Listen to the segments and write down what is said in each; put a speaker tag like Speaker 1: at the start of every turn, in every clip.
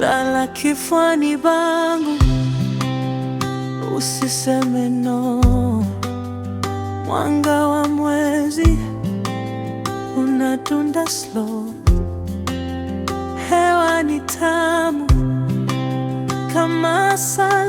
Speaker 1: lala kifuani bangu, usiseme no. Mwanga wa mwezi unatunda slow, hewa ni tamu kama sana.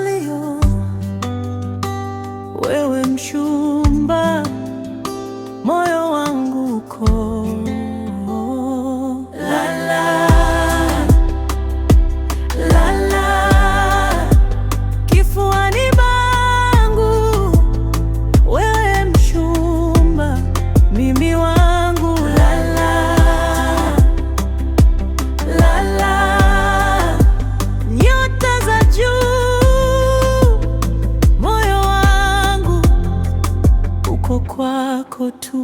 Speaker 1: kwako tu.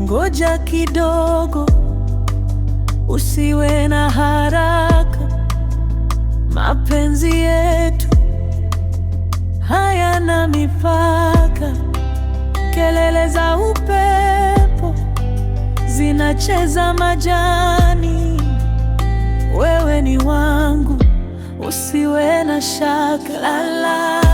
Speaker 1: Ngoja kidogo, usiwe na haraka. Mapenzi yetu hayana mipaka, kelele za upe zinacheza majani, wewe ni wangu, usiwe na shaka.
Speaker 2: Lala.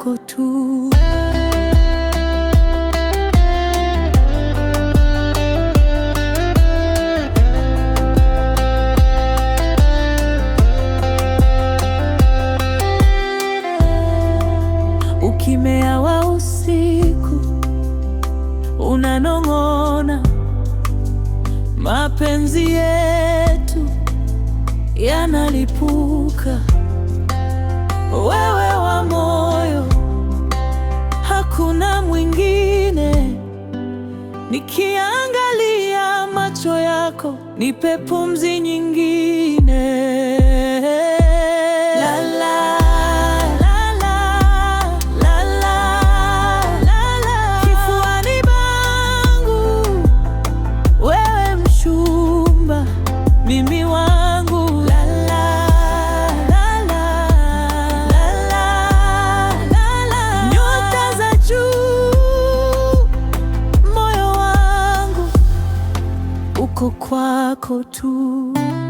Speaker 1: yako tu. Ukimea wa usiku unanong'ona, mapenzi yetu yanalipu hakuna mwingine. Nikiangalia macho yako, nipe pumzi nyingine. kwako tu.